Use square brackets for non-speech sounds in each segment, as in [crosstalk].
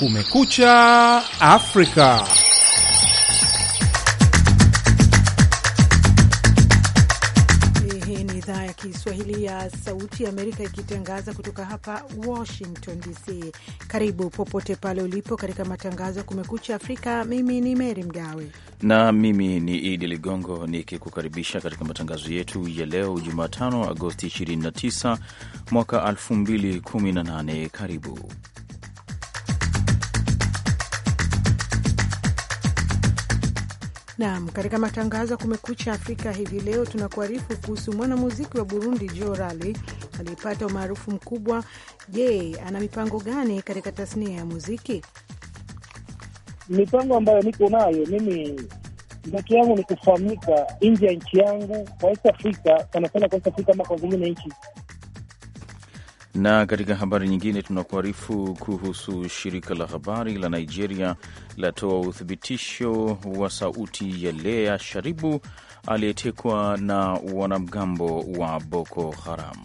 Kumekucha Afrika. Hii ni idhaa ya Kiswahili ya Sauti ya Amerika ikitangaza kutoka hapa Washington DC. Karibu popote pale ulipo katika matangazo ya Kumekucha Afrika. Mimi ni Meri Mgawe na mimi ni Idi Ligongo nikikukaribisha katika matangazo yetu ya leo Jumatano, Agosti 29 mwaka 2018. Karibu Nam, katika matangazo ya Kumekucha Afrika hivi leo tunakuarifu kuhusu mwanamuziki wa Burundi Jo Rali aliyepata umaarufu mkubwa. Je, ana mipango gani katika tasnia ya muziki? Mipango ambayo niko nayo mimi ndoto yangu ni kufahamika nje ya nchi yangu kwa East Afrika, sana sana kwa East Afrika ama kwa zingine nchi na katika habari nyingine tunakuarifu kuhusu shirika la habari la Nigeria latoa uthibitisho wa sauti ya lea Sharibu aliyetekwa na wanamgambo wa Boko Haram.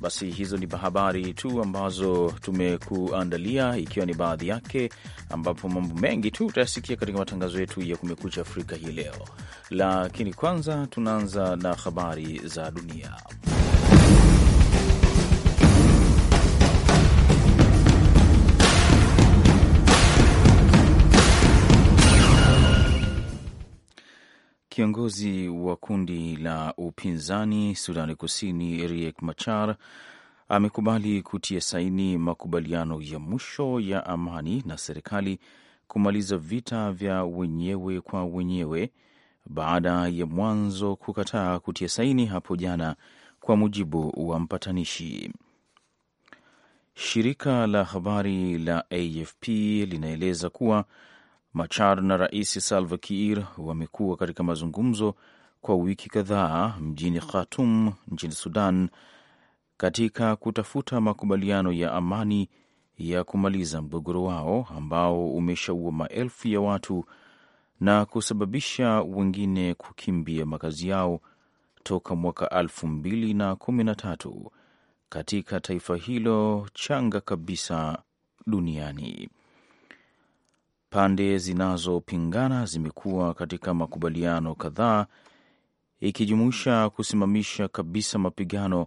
Basi hizo ni habari tu ambazo tumekuandalia, ikiwa ni baadhi yake, ambapo mambo mengi tu utayasikia katika matangazo yetu ya Kumekucha Afrika hii leo, lakini kwanza tunaanza na habari za dunia. Kiongozi wa kundi la upinzani Sudani Kusini Riek Machar amekubali kutia saini makubaliano ya mwisho ya amani na serikali kumaliza vita vya wenyewe kwa wenyewe baada ya mwanzo kukataa kutia saini hapo jana, kwa mujibu wa mpatanishi. Shirika la habari la AFP linaeleza kuwa Machar na Rais Salva Kiir wamekuwa katika mazungumzo kwa wiki kadhaa mjini Khartoum nchini Sudan katika kutafuta makubaliano ya amani ya kumaliza mgogoro wao ambao umeshaua maelfu ya watu na kusababisha wengine kukimbia makazi yao toka mwaka 2013 katika taifa hilo changa kabisa duniani. Pande zinazopingana zimekuwa katika makubaliano kadhaa ikijumuisha kusimamisha kabisa mapigano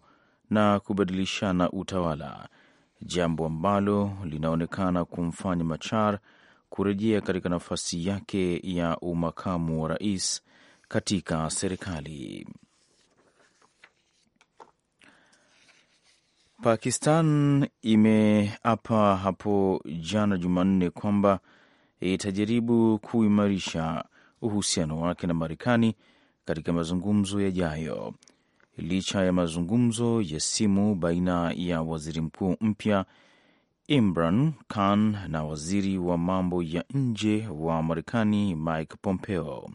na kubadilishana utawala, jambo ambalo linaonekana kumfanya Machar kurejea katika nafasi yake ya umakamu wa rais katika serikali. Pakistan imeapa hapo jana Jumanne kwamba itajaribu kuimarisha uhusiano wake na Marekani katika mazungumzo yajayo. Licha ya mazungumzo ya simu baina ya waziri mkuu mpya Imran Khan na waziri wa mambo ya nje wa Marekani Mike Pompeo,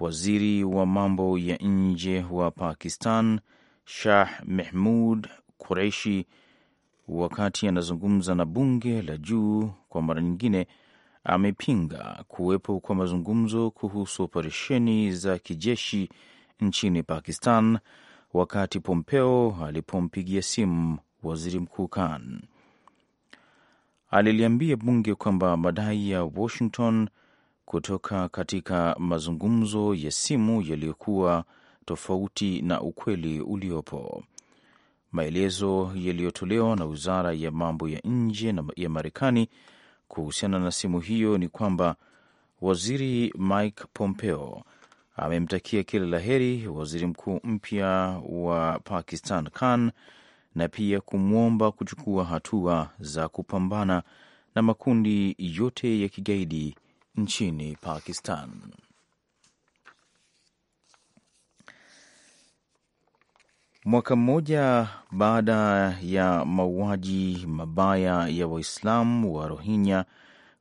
waziri wa mambo ya nje wa Pakistan Shah Mehmood Qureshi wakati anazungumza na bunge la juu kwa mara nyingine, amepinga kuwepo kwa mazungumzo kuhusu operesheni za kijeshi nchini Pakistan wakati Pompeo alipompigia simu waziri mkuu Khan. Aliliambia bunge kwamba madai ya Washington kutoka katika mazungumzo ya simu yaliyokuwa tofauti na ukweli uliopo maelezo yaliyotolewa na wizara ya mambo ya nje ya Marekani kuhusiana na simu hiyo ni kwamba waziri Mike Pompeo amemtakia kila la heri waziri mkuu mpya wa Pakistan Khan na pia kumwomba kuchukua hatua za kupambana na makundi yote ya kigaidi nchini Pakistan. Mwaka mmoja baada ya mauaji mabaya ya Waislamu wa Rohingya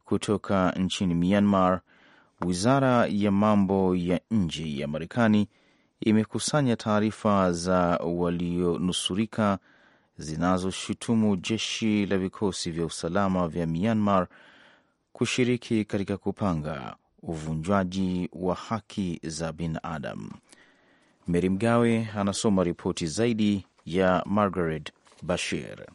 kutoka nchini Myanmar, wizara ya mambo ya nje ya Marekani imekusanya taarifa za walionusurika zinazoshutumu jeshi la vikosi vya usalama vya Myanmar kushiriki katika kupanga uvunjwaji wa haki za binadamu. Meri Mgawe anasoma ripoti zaidi ya Margaret Bashir.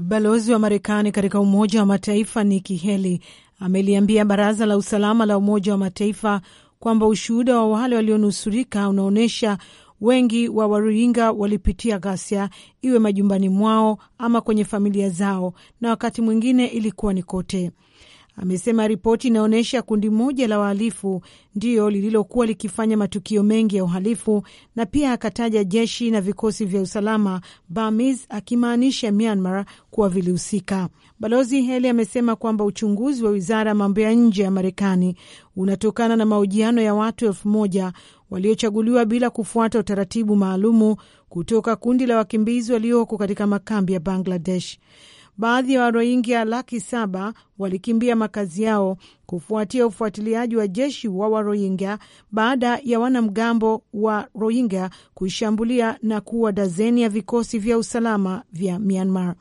Balozi wa Marekani katika Umoja wa Mataifa Nikki Haley ameliambia Baraza la Usalama la Umoja wa Mataifa kwamba ushuhuda wa wale walionusurika unaonyesha wengi wa Warohingya walipitia ghasia, iwe majumbani mwao ama kwenye familia zao, na wakati mwingine ilikuwa ni kote. Amesema ripoti inaonyesha kundi moja la wahalifu ndiyo lililokuwa likifanya matukio mengi ya uhalifu, na pia akataja jeshi na vikosi vya usalama Burmese, akimaanisha Myanmar, kuwa vilihusika. Balozi Heli amesema kwamba uchunguzi wa wizara ya mambo ya nje ya Marekani unatokana na mahojiano ya watu elfu moja waliochaguliwa bila kufuata utaratibu maalumu kutoka kundi la wakimbizi walioko katika makambi ya Bangladesh baadhi ya wa Warohingya laki saba walikimbia makazi yao kufuatia ufuatiliaji wa jeshi wa Warohingya baada ya wanamgambo wa Rohingya kuishambulia na kuua dazeni ya vikosi vya usalama vya Myanmar.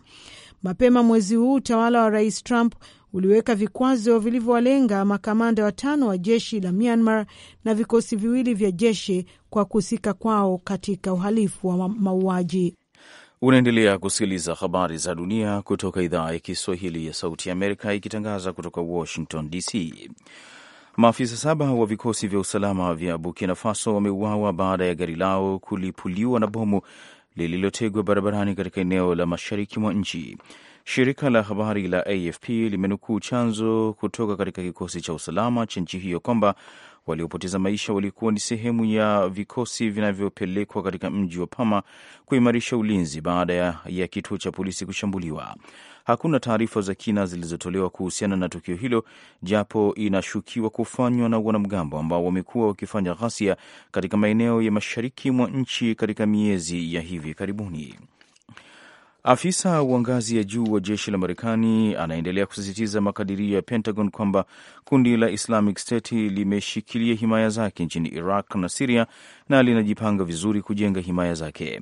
Mapema mwezi huu utawala wa Rais Trump uliweka vikwazo vilivyowalenga makamanda watano wa jeshi la Myanmar na vikosi viwili vya jeshi kwa kuhusika kwao katika uhalifu wa mauaji. Unaendelea kusikiliza habari za dunia kutoka idhaa ya Kiswahili ya Sauti ya Amerika ikitangaza kutoka Washington DC. Maafisa saba wa vikosi vya usalama vya Burkina Faso wameuawa baada ya gari lao kulipuliwa na bomu lililotegwa barabarani katika eneo la mashariki mwa nchi. Shirika la habari la AFP limenukuu chanzo kutoka katika kikosi cha usalama cha nchi hiyo kwamba waliopoteza maisha walikuwa ni sehemu ya vikosi vinavyopelekwa katika mji wa Pama kuimarisha ulinzi baada ya, ya kituo cha polisi kushambuliwa. Hakuna taarifa za kina zilizotolewa kuhusiana na tukio hilo, japo inashukiwa kufanywa na wanamgambo ambao wamekuwa wakifanya ghasia katika maeneo ya mashariki mwa nchi katika miezi ya hivi karibuni. Afisa wa ngazi ya juu wa jeshi la Marekani anaendelea kusisitiza makadirio ya Pentagon kwamba kundi la Islamic State limeshikilia himaya zake nchini Iraq na Siria na linajipanga vizuri kujenga himaya zake.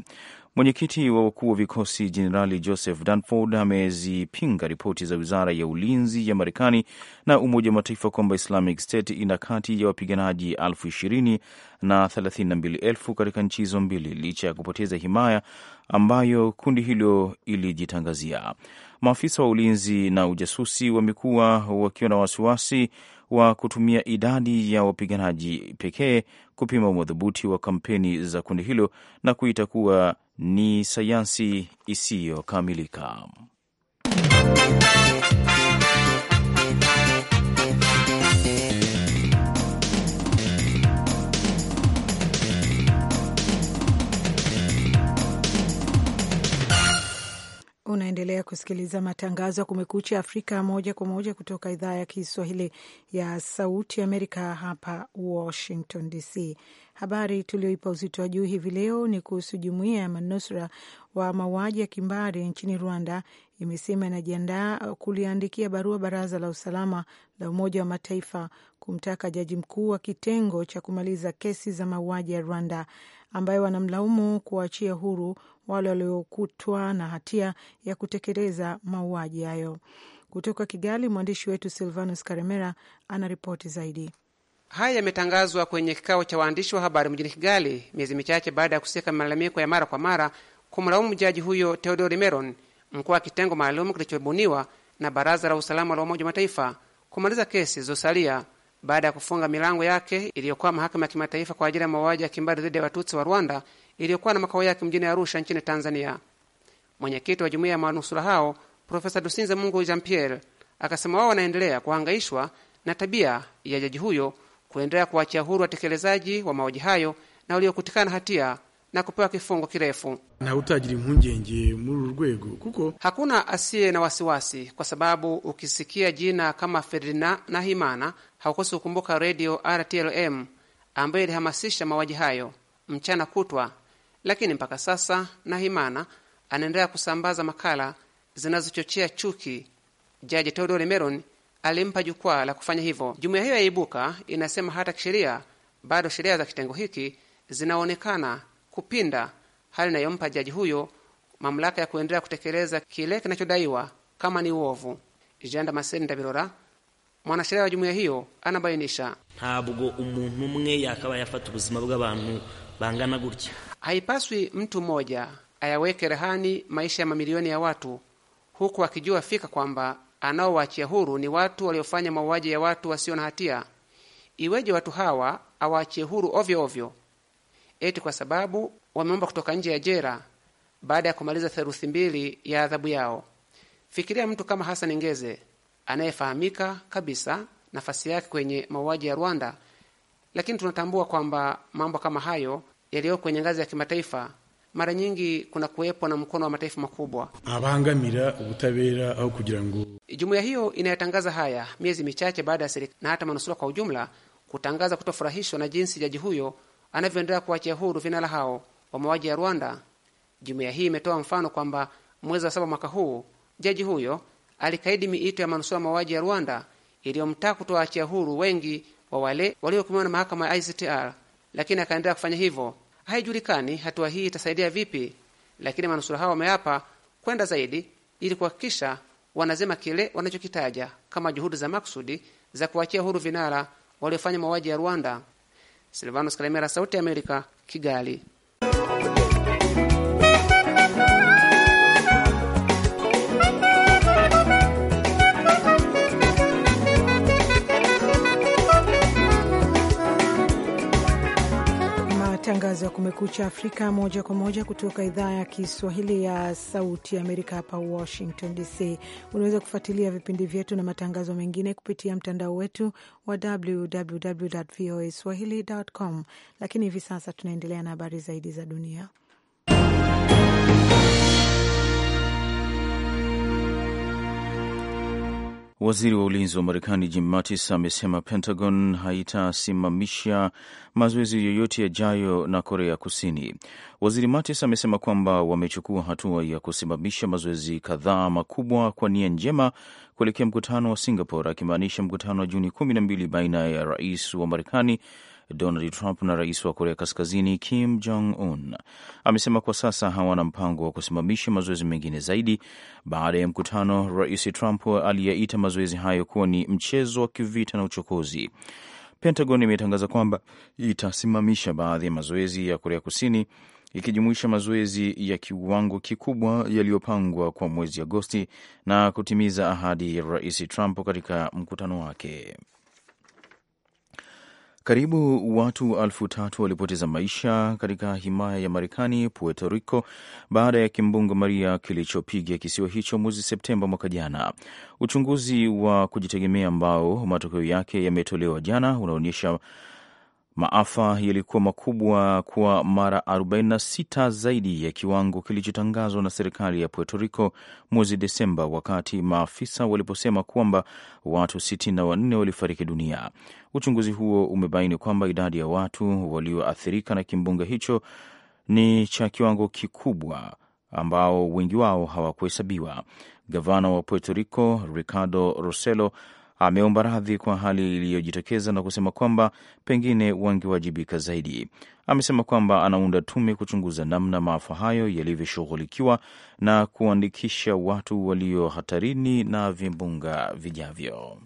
Mwenyekiti wa wakuu wa vikosi Jenerali Joseph Dunford amezipinga ripoti za wizara ya ulinzi ya Marekani na Umoja wa Mataifa kwamba Islamic State ina kati ya wapiganaji elfu ishirini na thelathini na mbili elfu katika nchi hizo mbili licha ya kupoteza himaya ambayo kundi hilo ilijitangazia. Maafisa wa ulinzi na ujasusi wamekuwa wakiwa na wasiwasi wa kutumia idadi ya wapiganaji pekee kupima madhubuti wa kampeni za kundi hilo na kuita kuwa ni sayansi isiyokamilika. Unaendelea kusikiliza matangazo ya Kumekucha Afrika moja kwa moja kutoka idhaa ya Kiswahili ya Sauti Amerika, hapa Washington DC. Habari tulioipa uzito wa juu hivi leo ni kuhusu jumuiya ya manusura wa mauaji ya kimbari nchini Rwanda imesema inajiandaa uh, kuliandikia barua Baraza la Usalama la Umoja wa Mataifa kumtaka jaji mkuu wa kitengo cha kumaliza kesi za mauaji ya Rwanda ambayo wanamlaumu kuwaachia huru wale waliokutwa na hatia ya kutekeleza mauaji hayo. Kutoka Kigali, mwandishi wetu Silvanus Karemera anaripoti zaidi. Haya yametangazwa kwenye kikao cha waandishi wa habari mjini Kigali, miezi michache baada ya kusika malalamiko ya mara kwa mara kumlaumu jaji huyo teodori Meron mkuu wa kitengo maalum kilichobuniwa na Baraza la Usalama la Umoja wa Mataifa kumaliza kesi zilizosalia baada ya kufunga milango yake iliyokuwa mahakama ya kimataifa kwa ajili ya mauaji ya kimbari dhidi ya Watutsi wa Rwanda iliyokuwa na makao yake mjini Arusha nchini Tanzania. Mwenyekiti wa jumuiya ya manusura hao Profesa Dusinze Mungu Jean Pierre akasema wao wanaendelea kuhangaishwa na tabia ya jaji huyo kuendelea kuwachia huru watekelezaji wa mauaji hayo na waliokutikana hatia na kupewa kifungo kirefu. ntawutagira impungenge muri uru rwego kuko hakuna asiye na wasiwasi, kwa sababu ukisikia jina kama Ferdinand Nahimana haukosi kukumbuka redio RTLM ambayo ilihamasisha mauaji hayo mchana kutwa. Lakini mpaka sasa Nahimana anaendelea kusambaza makala zinazochochea chuki. Jaji Teodori Meron alimpa jukwaa la kufanya hivyo. Jumuiya hiyo ya Ibuka inasema hata kisheria bado sheria za kitengo hiki zinaonekana kupinda, hali inayompa jaji huyo mamlaka ya kuendelea kutekeleza kile kinachodaiwa kama ni uovu. Jenda Maseni Ndabirora, mwanasheria wa jumuiya hiyo, anabainisha ntabwo umuntu umwe yakaba yafata ubuzima bw'abantu bangana gutya. Haipaswi mtu mmoja ayaweke rehani maisha ya mamilioni ya watu huku akijua fika kwamba anaowaachia huru ni watu waliofanya mauaji ya watu wasio na hatia. Iweje watu hawa awaachie huru ovyo ovyo? eti kwa sababu wameomba kutoka nje ya jera baada ya kumaliza theluthi mbili ya adhabu yao. Fikiria mtu kama Hassan Ngeze anayefahamika kabisa nafasi yake kwenye mauaji ya Rwanda, lakini tunatambua kwamba mambo kama hayo yaliyo kwenye ngazi ya kimataifa mara nyingi kuna kuwepo na mkono wa mataifa makubwa abangamira ubutabera au kugira ngo jumuiya hiyo inayotangaza haya miezi michache baada ya serikali na hata manusura kwa ujumla kutangaza kutofurahishwa na jinsi jaji huyo anavyoendelea kuwachia huru vinara hao wa mauaji ya Rwanda. Jumuiya hii imetoa mfano kwamba mwezi wa saba mwaka huu jaji huyo alikaidi miito ya manusura mauaji ya Rwanda iliyomtaka kutowaachia huru wengi wa wale waliohukumiwa na mahakama ya ICTR, lakini akaendelea kufanya hivyo. Haijulikani hatua hii itasaidia vipi, lakini manusura hao wameapa kwenda zaidi ili kuhakikisha wanazima kile wanachokitaja kama juhudi za maksudi za kuachia huru vinara waliofanya mauaji ya Rwanda. Silvanos Kalemera, Sauti ya Amerika, Kigali. za Kumekucha Afrika moja kwa moja kutoka idhaa ya Kiswahili ya Sauti ya Amerika hapa Washington DC. Unaweza kufuatilia vipindi vyetu na matangazo mengine kupitia mtandao wetu wa www voa swahili com, lakini hivi sasa tunaendelea na habari zaidi za dunia. Waziri wa ulinzi wa Marekani Jim Mattis amesema Pentagon haitasimamisha mazoezi yoyote yajayo na Korea Kusini. Waziri Mattis amesema kwamba wamechukua hatua ya kusimamisha mazoezi kadhaa makubwa kwa nia njema kuelekea mkutano wa Singapore, akimaanisha mkutano wa Juni kumi na mbili baina ya rais wa Marekani Donald Trump na rais wa Korea Kaskazini Kim Jong Un amesema kwa sasa hawana mpango wa kusimamisha mazoezi mengine zaidi baada ya mkutano. Rais Trump aliyeita mazoezi hayo kuwa ni mchezo wa kivita na uchokozi. Pentagon imetangaza kwamba itasimamisha baadhi ya mazoezi ya Korea Kusini ikijumuisha mazoezi ya kiwango kikubwa yaliyopangwa kwa mwezi Agosti na kutimiza ahadi ya Rais Trump katika mkutano wake. Karibu watu elfu tatu walipoteza maisha katika himaya ya Marekani Puerto Rico baada ya kimbunga Maria kilichopiga kisiwa hicho mwezi Septemba mwaka jana. Uchunguzi wa kujitegemea ambao matokeo yake yametolewa jana unaonyesha Maafa yalikuwa makubwa kwa mara 46 zaidi ya kiwango kilichotangazwa na serikali ya Puerto Rico mwezi Desemba, wakati maafisa waliposema kwamba watu 64 walifariki dunia. Uchunguzi huo umebaini kwamba idadi ya watu walioathirika na kimbunga hicho ni cha kiwango kikubwa ambao wengi wao hawakuhesabiwa. Gavana wa Puerto Rico Ricardo roselo ameomba radhi kwa hali iliyojitokeza na kusema kwamba pengine wangewajibika zaidi. Amesema kwamba anaunda tume kuchunguza namna maafa hayo yalivyoshughulikiwa na kuandikisha watu walio hatarini na vimbunga vijavyo.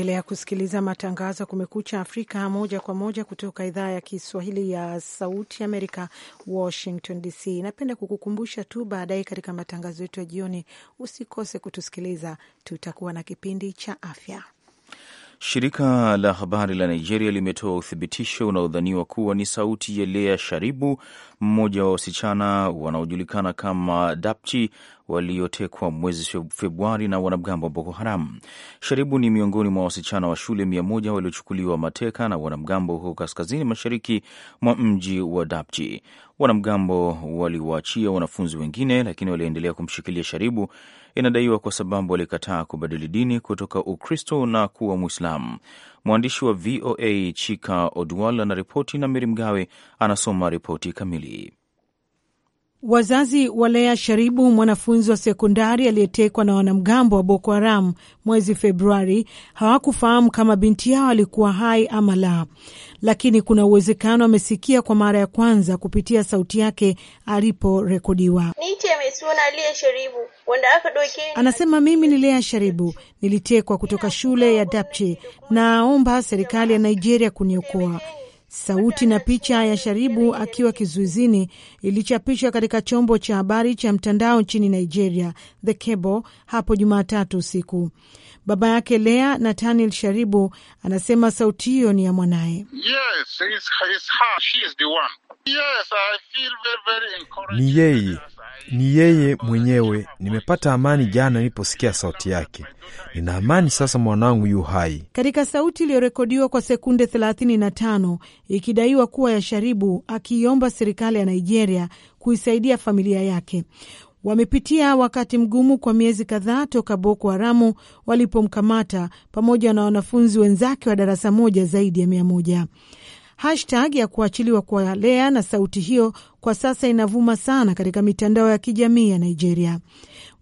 Unaendelea kusikiliza matangazo ya Kumekucha Afrika moja kwa moja kutoka idhaa ya Kiswahili ya Sauti Amerika, Washington DC. Napenda kukukumbusha tu, baadaye katika matangazo yetu ya jioni usikose kutusikiliza. Tutakuwa na kipindi cha afya. Shirika la habari la Nigeria limetoa uthibitisho unaodhaniwa kuwa ni sauti ya Lea Sharibu, mmoja wa wasichana wanaojulikana kama Dapchi waliotekwa mwezi Februari na wanamgambo wa Boko Haram. Sharibu ni miongoni mwa wasichana wa shule mia moja waliochukuliwa mateka na wanamgambo huko kaskazini mashariki mwa mji wa Dapchi. Wanamgambo waliwaachia wanafunzi wengine, lakini waliendelea kumshikilia Sharibu inadaiwa kwa sababu alikataa kubadili dini kutoka Ukristo na kuwa Mwislamu. Mwandishi wa VOA Chika Odwal anaripoti na Meri Mgawe anasoma ripoti kamili. Wazazi wa lea Sharibu, mwanafunzi wa sekondari aliyetekwa na wanamgambo wa Boko Haram mwezi Februari, hawakufahamu kama binti yao alikuwa hai ama la, lakini kuna uwezekano amesikia kwa mara ya kwanza kupitia sauti yake aliporekodiwa. Anasema, mimi ni Lea Sharibu, nilitekwa kutoka shule ya Dapchi, naomba serikali ya Nigeria kuniokoa. Sauti na picha ya Sharibu akiwa kizuizini ilichapishwa katika chombo cha habari cha mtandao nchini Nigeria, The Cable, hapo Jumatatu usiku. Baba yake Lea Nathaniel Sharibu anasema sauti hiyo ni ya mwanaye. Yes, ni yeye ni yeye mwenyewe. Nimepata amani jana niliposikia sauti yake. Nina amani sasa, mwanangu yu hai. Katika sauti iliyorekodiwa kwa sekunde 35 ikidaiwa kuwa ya Sharibu akiiomba serikali ya Nigeria kuisaidia familia yake. Wamepitia wakati mgumu kwa miezi kadhaa toka Boko Haramu walipomkamata pamoja na wanafunzi wenzake wa darasa moja zaidi ya mia moja. Hashtag ya kuachiliwa kwa Lea na sauti hiyo kwa sasa inavuma sana katika mitandao ya kijamii ya Nigeria.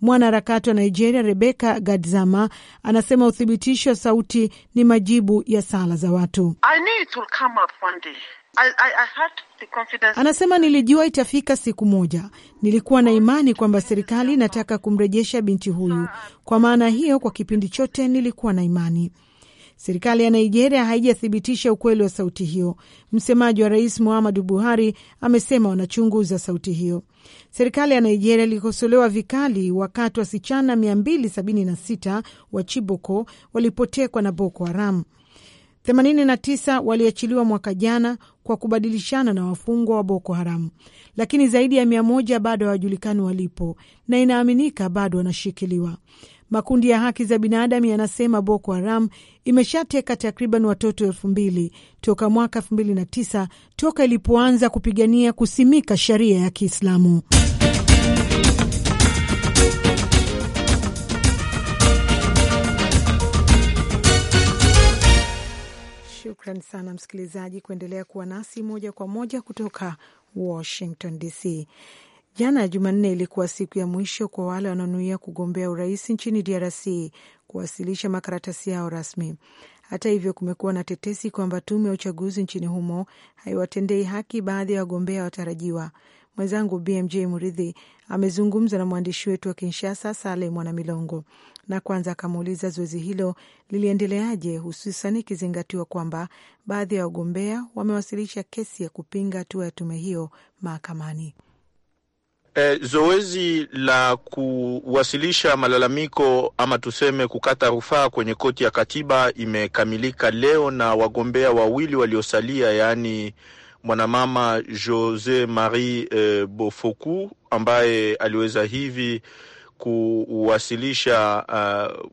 Mwanaharakati wa Nigeria Rebecca Gadzama anasema uthibitisho wa sauti ni majibu ya sala za watu. I, I had the confidence. Anasema nilijua itafika siku moja. Nilikuwa na imani kwamba serikali inataka kumrejesha binti huyu. Kwa maana hiyo, kwa kipindi chote nilikuwa na imani. Serikali ya Nigeria haijathibitisha ukweli wa sauti hiyo. Msemaji wa rais Muhammadu Buhari amesema wanachunguza sauti hiyo. Serikali ya Nigeria ilikosolewa vikali wakati wasichana 276 wa Chiboko walipotekwa na Boko Haram. 89 waliachiliwa mwaka jana kwa kubadilishana na wafungwa wa Boko Haram, lakini zaidi ya mia moja bado hawajulikani walipo na inaaminika bado wanashikiliwa. Makundi ya haki za binadamu yanasema Boko Haram imeshateka takriban watoto elfu mbili toka mwaka elfu mbili na tisa toka ilipoanza kupigania kusimika sharia ya Kiislamu. Shukran sana msikilizaji kuendelea kuwa nasi moja kwa moja kutoka Washington DC. Jana ya Jumanne ilikuwa siku ya mwisho kwa wale wanaonuia kugombea urais nchini DRC kuwasilisha makaratasi yao rasmi. Hata hivyo, kumekuwa na tetesi kwamba tume ya uchaguzi nchini humo haiwatendei haki baadhi ya wagombea watarajiwa. Mwenzangu BMJ Muridhi amezungumza na mwandishi wetu wa Kinshasa, Sale Mwanamilongo, na kwanza akamuuliza zoezi hilo liliendeleaje, hususan ikizingatiwa kwamba baadhi ya wagombea wamewasilisha kesi ya kupinga hatua ya tume hiyo mahakamani. E, zoezi la kuwasilisha malalamiko ama tuseme kukata rufaa kwenye koti ya katiba imekamilika leo na wagombea wawili waliosalia, yaani mwanamama Jose Marie e, Bofoku ambaye aliweza hivi kuwasilisha uh,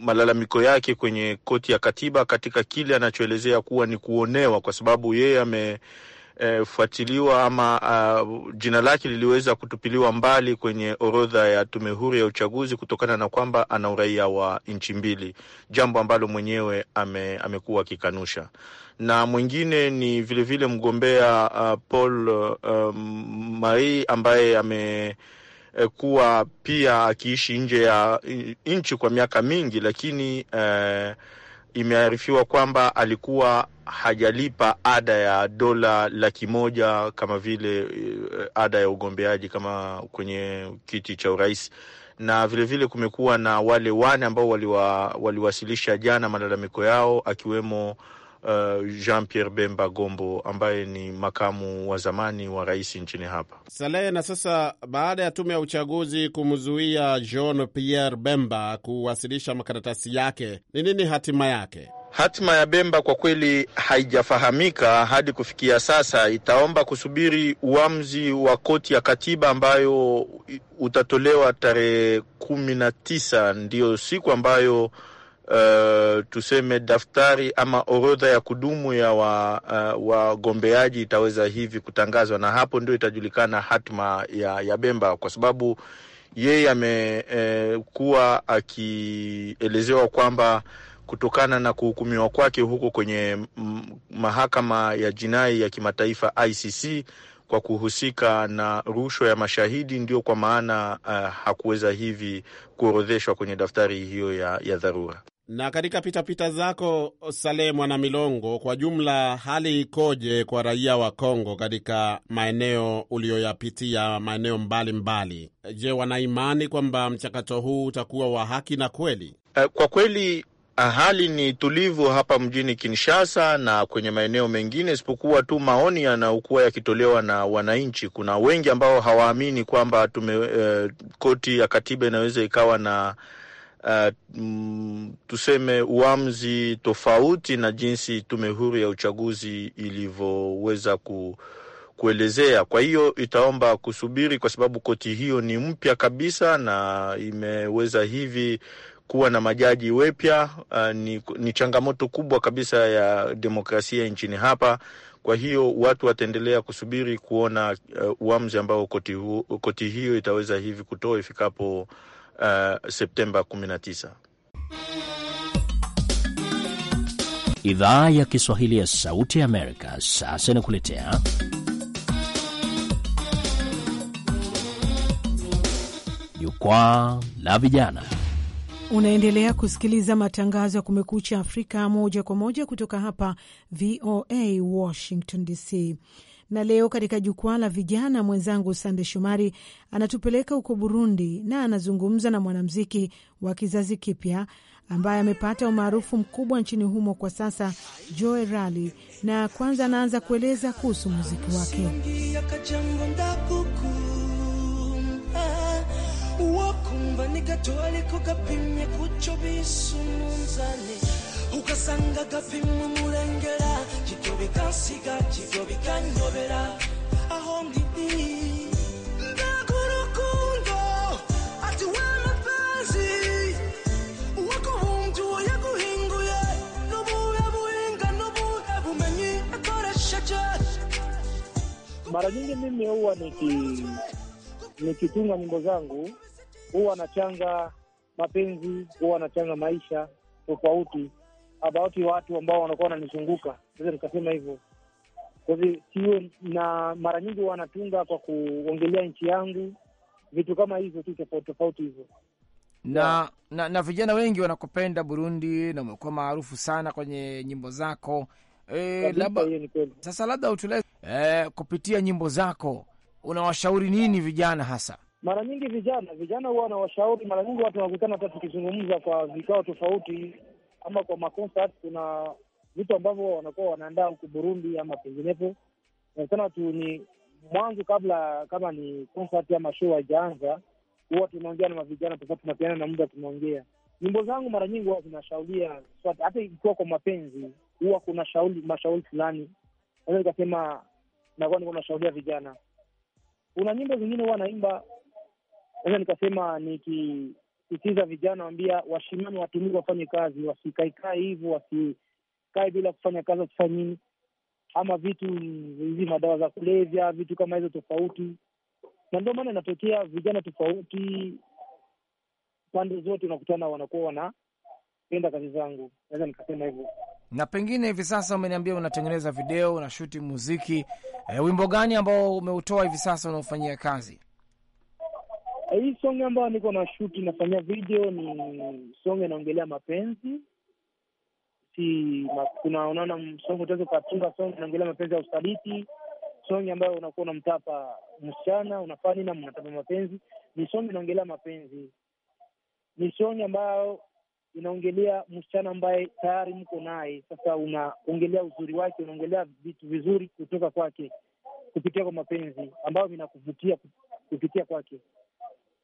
malalamiko yake kwenye koti ya katiba katika kile anachoelezea kuwa ni kuonewa kwa sababu yeye ame eh, fuatiliwa ama uh, jina lake liliweza kutupiliwa mbali kwenye orodha ya tume huru ya uchaguzi kutokana na kwamba ana uraia wa nchi mbili, jambo ambalo mwenyewe ame, amekuwa akikanusha. Na mwingine ni vilevile vile mgombea uh, Paul uh, eh, Marie ambaye ame eh, kuwa pia akiishi nje ya nchi kwa miaka mingi, lakini eh, imearifiwa kwamba alikuwa hajalipa ada ya dola laki moja kama vile eh, ada ya ugombeaji kama kwenye kiti cha urais na vilevile kumekuwa na wale wane ambao waliwa, waliwasilisha jana malalamiko yao akiwemo uh, Jean-Pierre Bemba Gombo ambaye ni makamu wa zamani wa rais nchini hapa Salehe. Na sasa baada ya tume ya uchaguzi kumzuia Jean Pierre Bemba kuwasilisha makaratasi yake, ni nini hatima yake? Hatima ya Bemba kwa kweli haijafahamika hadi kufikia sasa. Itaomba kusubiri uamuzi wa koti ya katiba ambayo utatolewa tarehe kumi na tisa, ndiyo siku ambayo uh, tuseme daftari ama orodha ya kudumu ya eh, wagombeaji uh, wa itaweza hivi kutangazwa, na hapo ndio itajulikana hatma ya, ya Bemba kwa sababu yeye amekuwa eh, akielezewa kwamba kutokana na kuhukumiwa kwake huko kwenye mm, mahakama ya jinai ya kimataifa ICC kwa kuhusika na rushwa ya mashahidi, ndio kwa maana uh, hakuweza hivi kuorodheshwa kwenye daftari hiyo ya, ya dharura. Na katika pitapita zako Saleh Mwana Milongo, kwa jumla hali ikoje kwa raia wa Kongo katika maeneo uliyoyapitia, maeneo mbalimbali? Je, wanaimani kwamba mchakato huu utakuwa wa haki na kweli? Eh, kwa kweli ah, hali ni tulivu hapa mjini Kinshasa na kwenye maeneo mengine, isipokuwa tu maoni yanayokuwa yakitolewa na wananchi. Kuna wengi ambao hawaamini kwamba tume, eh, koti ya katiba inaweza ikawa na uh, m, mm, tuseme uamzi tofauti na jinsi tume huru ya uchaguzi ilivyoweza ku kuelezea. Kwa hiyo itaomba kusubiri, kwa sababu koti hiyo ni mpya kabisa na imeweza hivi kuwa na majaji wepya. Uh, ni, ni changamoto kubwa kabisa ya demokrasia nchini hapa. Kwa hiyo watu wataendelea kusubiri kuona uh, uamuzi ambao koti, koti hiyo itaweza hivi kutoa ifikapo uh, Septemba 19. Idhaa ya Kiswahili ya Sauti ya Amerika sasa inakuletea Jukwaa la Vijana. Unaendelea kusikiliza matangazo ya Kumekucha Afrika moja kwa moja kutoka hapa VOA Washington DC na leo katika jukwaa la vijana, mwenzangu Sande Shomari anatupeleka huko Burundi na anazungumza na mwanamuziki wa kizazi kipya ambaye amepata umaarufu mkubwa nchini humo kwa sasa, Joe Rali, na kwanza anaanza kueleza kuhusu muziki wake ibyo bikansiga ibyo bikanyobera aho ndi Mara nyingi mimi huwa nikitunga nyimbo zangu huwa nachanga mapenzi, huwa nachanga maisha tofauti abauti watu ambao wanakuwa wananizunguka naweza nikasema hivyo. Kwa hivyo siwe na, mara nyingi wanatunga kwa kuongelea nchi yangu, vitu kama hivyo tu tofauti tofauti hivyo na, Na na vijana wengi wanakupenda Burundi, na umekuwa maarufu sana kwenye nyimbo zako e, eh, laba, sasa labda utule e, eh, kupitia nyimbo zako unawashauri nini vijana hasa? Mara nyingi vijana vijana huwa wanawashauri, mara nyingi watu wanakutana, hata tukizungumza kwa vikao tofauti ama kwa makonsa, kuna vitu ambavyo wanakuwa wanaandaa huku Burundi ama penginepo. Naonekana tu ni mwanzo, kabla kama ni konsati ama show haijaanza, huwa tunaongea na mavijana tuka tunapeana na muda, tunaongea nyimbo zangu mara nyingi huwa zinashaulia swata, hata ikiwa kwa mapenzi huwa kuna shauli mashauli fulani, naweza nikasema nakuwa niko nashaulia vijana. Kuna nyimbo zingine huwa naimba, naweza nikasema nikisitiza vijana wambia washimani watumiki, wafanye kazi, wasikaikae hivyo, wasi usikae bila kufanya kazi, kufanya nini, ama vitu hizi madawa za kulevya, vitu kama hizo tofauti. Na ndio maana inatokea vijana tofauti pande zote, unakutana wanakuwa wanapenda kazi zangu, naweza nikasema hivyo. Na pengine hivi sasa umeniambia unatengeneza video, unashuti muziki. E, wimbo gani ambao umeutoa hivi sasa unaofanyia kazi? Eh, hii song ambayo niko na nafanyia video ni song inaongelea mapenzi si kuna unaona, msongo utaweza ukatunga songo unaongelea mapenzi ya usaliti, songi ambayo unakuwa unamtapa msichana unafani na mnatapa mapenzi, ni songi inaongelea mapenzi, ni songi ambayo inaongelea msichana ambaye tayari mko naye sasa, unaongelea uzuri wake, unaongelea vitu vizuri kutoka kwake kupitia kwa mapenzi ambayo vinakuvutia kupitia kwake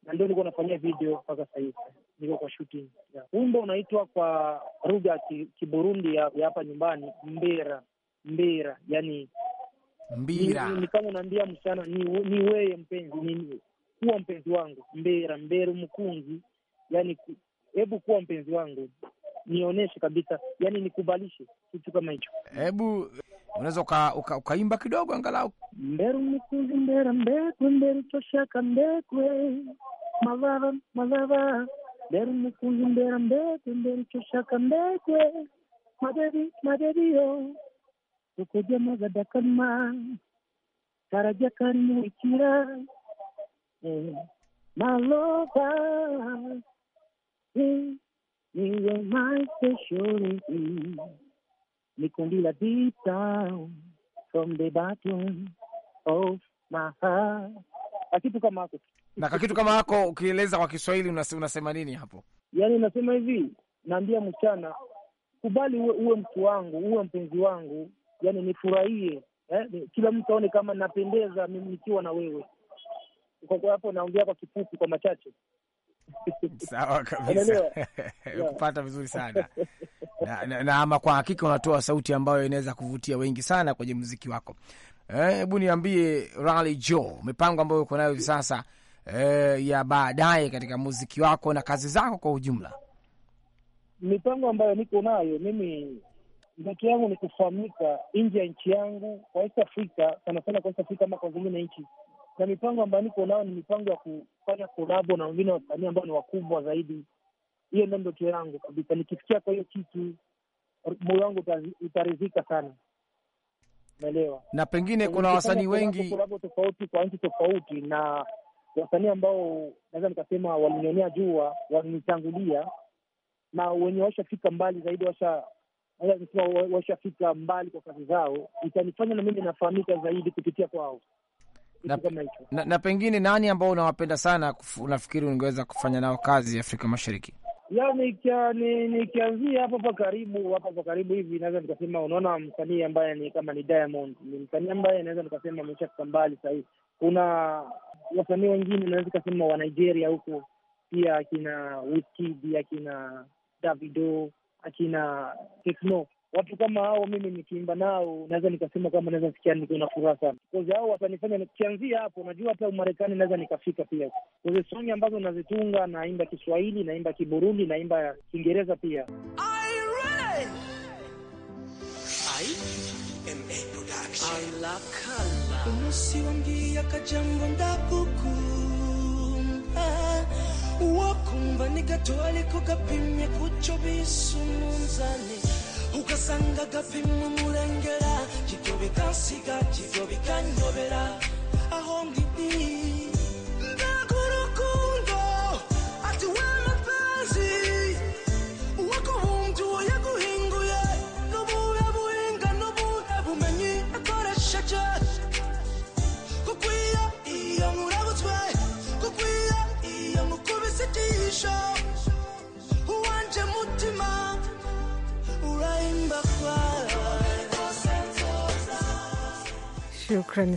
na ndio nilikuwa nafanyia video mpaka sasa hivi, niko kwa shooting yeah. Wimbo unaitwa kwa lugha ya Kiburundi ya hapa nyumbani mbira mbira, yani mbira ni kama unaambia msichana ni, ni weye mpenzi, ni kuwa mpenzi wangu, mbera mbera mkunzi, yani hebu kuwa mpenzi wangu, nionyeshe kabisa, yani nikubalishe kitu kama hicho. Hebu unaweza ukaimba uka, uka kidogo angalau Mberumukuzimberammbekwemberutoshakambekwe eh. mavava mavava mberumukuzimberammbekwemberutoshakambekwe eh. madevi madevio tukujamagadakanma karajakanmuikira eh, malova niwe maiseshorei nikundi la deep down from the bottom oh, kakitu kama hako na kama hako. Ukieleza kwa Kiswahili unasema nini hapo? Yani unasema hivi, naambia msichana, kubali uwe, uwe mtu wangu, uwe mpenzi wangu, yani nifurahie eh? Kila mtu aone kama napendeza mimi nikiwa na wewe. Kwa hapo naongea kwa kifupi, kwa machache. [laughs] Sawa kabisa, [laughs] kupata vizuri sana [laughs] na, na, na ama kwa hakika unatoa sauti ambayo inaweza kuvutia wengi sana kwenye muziki wako. Eh, hebu eh, niambie Rally Joe, mipango ambayo uko nayo hivi sasa eh, ya baadaye katika muziki wako na kazi zako kwa ujumla. Mipango ambayo niko nayo mimi ndoto yangu ni kufahamika nje ya nchi yangu kwa East Africa, sana sana kwa East Africa ama kwa zingine nchi, na mipango ambayo niko nayo ni mipango ya kufanya kolabo na wengine wasanii ambao ni wakubwa zaidi. Hiyo ndio ndoto yangu kabisa. Nikifikia kwa hiyo kitu, moyo wangu utaridhika sana. Umeelewa? Na pengine kuna wasanii wengi kolabo tofauti kwa nchi tofauti, na wasanii ambao naweza nikasema walinionea jua, walinitangulia na wenye washafika mbali zaidi, washa washafika mbali kwa kazi zao, itanifanya na mimi nafahamika zaidi kupitia kwao. Na, na, na pengine nani ambao unawapenda sana, unafikiri ungeweza kufanya nao kazi Afrika Mashariki? Nikianzia ni hapo hapa karibu hapa pa karibu hivi, naweza nikasema, unaona msanii ambaye ni kama ni Diamond, ni msanii ambaye naweza nikasema ameshafika mbali sahii. Kuna wasanii wengine naweza nikasema wa Nigeria huko pia, akina Wizkid akina Davido akina Tekno watu kama hao, mimi nikiimba nao naweza nikasema kama naweza sikia niko na furaha sana, because hao watanifanya kianzia hapo, najua hata Umarekani naweza nikafika pia. Because songi ambazo nazitunga, naimba Kiswahili, naimba Kiburundi, naimba Kiingereza pia. Umusiwangia kajambo ndakukumba ukasanga gafimu mulengera kitobeka nsiga kitobeka nyobera aho ndidi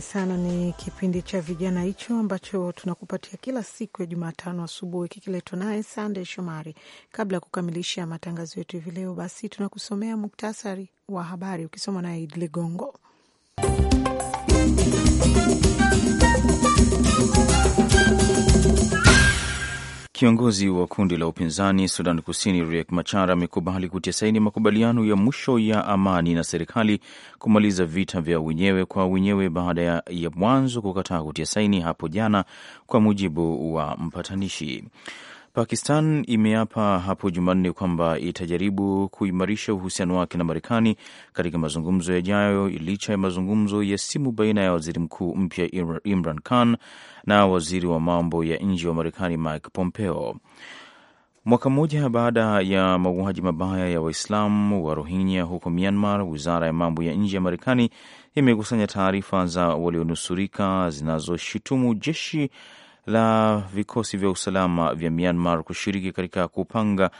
Shukrani sana. Ni kipindi cha vijana hicho ambacho tunakupatia kila siku ya Jumatano asubuhi, kikiletwa naye Sande Shomari. Kabla ya kukamilisha matangazo yetu hivi leo, basi tunakusomea muktasari wa habari ukisoma naye Idi Ligongo. Kiongozi wa kundi la upinzani Sudan Kusini Riek Machar amekubali kutia saini makubaliano ya mwisho ya amani na serikali kumaliza vita vya wenyewe kwa wenyewe baada ya mwanzo kukataa kutia saini hapo jana, kwa mujibu wa mpatanishi. Pakistan imeapa hapo Jumanne kwamba itajaribu kuimarisha uhusiano wake na Marekani katika mazungumzo yajayo, licha ya mazungumzo ya simu baina ya waziri mkuu mpya Imran Khan na waziri wa mambo ya nje wa Marekani Mike Pompeo. Mwaka mmoja baada ya mauaji mabaya ya Waislamu wa Rohingya huko Myanmar, wizara ya mambo ya nje ya Marekani imekusanya taarifa za walionusurika zinazoshutumu jeshi la vikosi vya usalama vya Myanmar kushiriki katika kupanga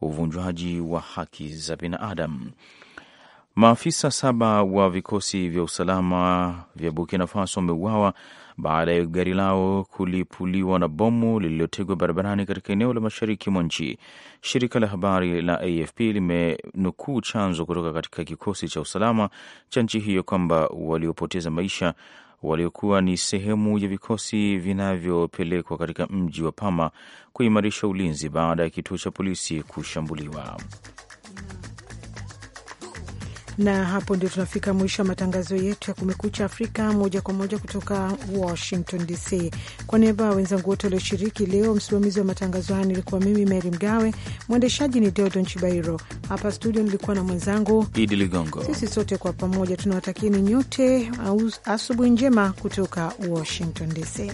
uvunjwaji wa haki za binadamu. Maafisa saba wa vikosi vya usalama vya Burkina Faso wameuawa baada ya gari lao kulipuliwa na bomu lililotegwa barabarani katika eneo la mashariki mwa nchi. Shirika la habari la AFP limenukuu chanzo kutoka katika kikosi cha usalama cha nchi hiyo kwamba waliopoteza maisha waliokuwa ni sehemu ya vikosi vinavyopelekwa katika mji wa Pama kuimarisha ulinzi baada ya kituo cha polisi kushambuliwa. Na hapo ndio tunafika mwisho wa matangazo yetu ya Kumekucha Afrika moja kwa moja kutoka Washington DC. Kwa niaba ya wenzangu wote walioshiriki leo, msimamizi wa matangazo haya nilikuwa mimi Mary Mgawe, mwendeshaji ni Deodon Chibairo. Hapa studio nilikuwa na mwenzangu Idi Ligongo. Sisi sote kwa pamoja tunawatakieni nyote asubuhi njema kutoka Washington DC.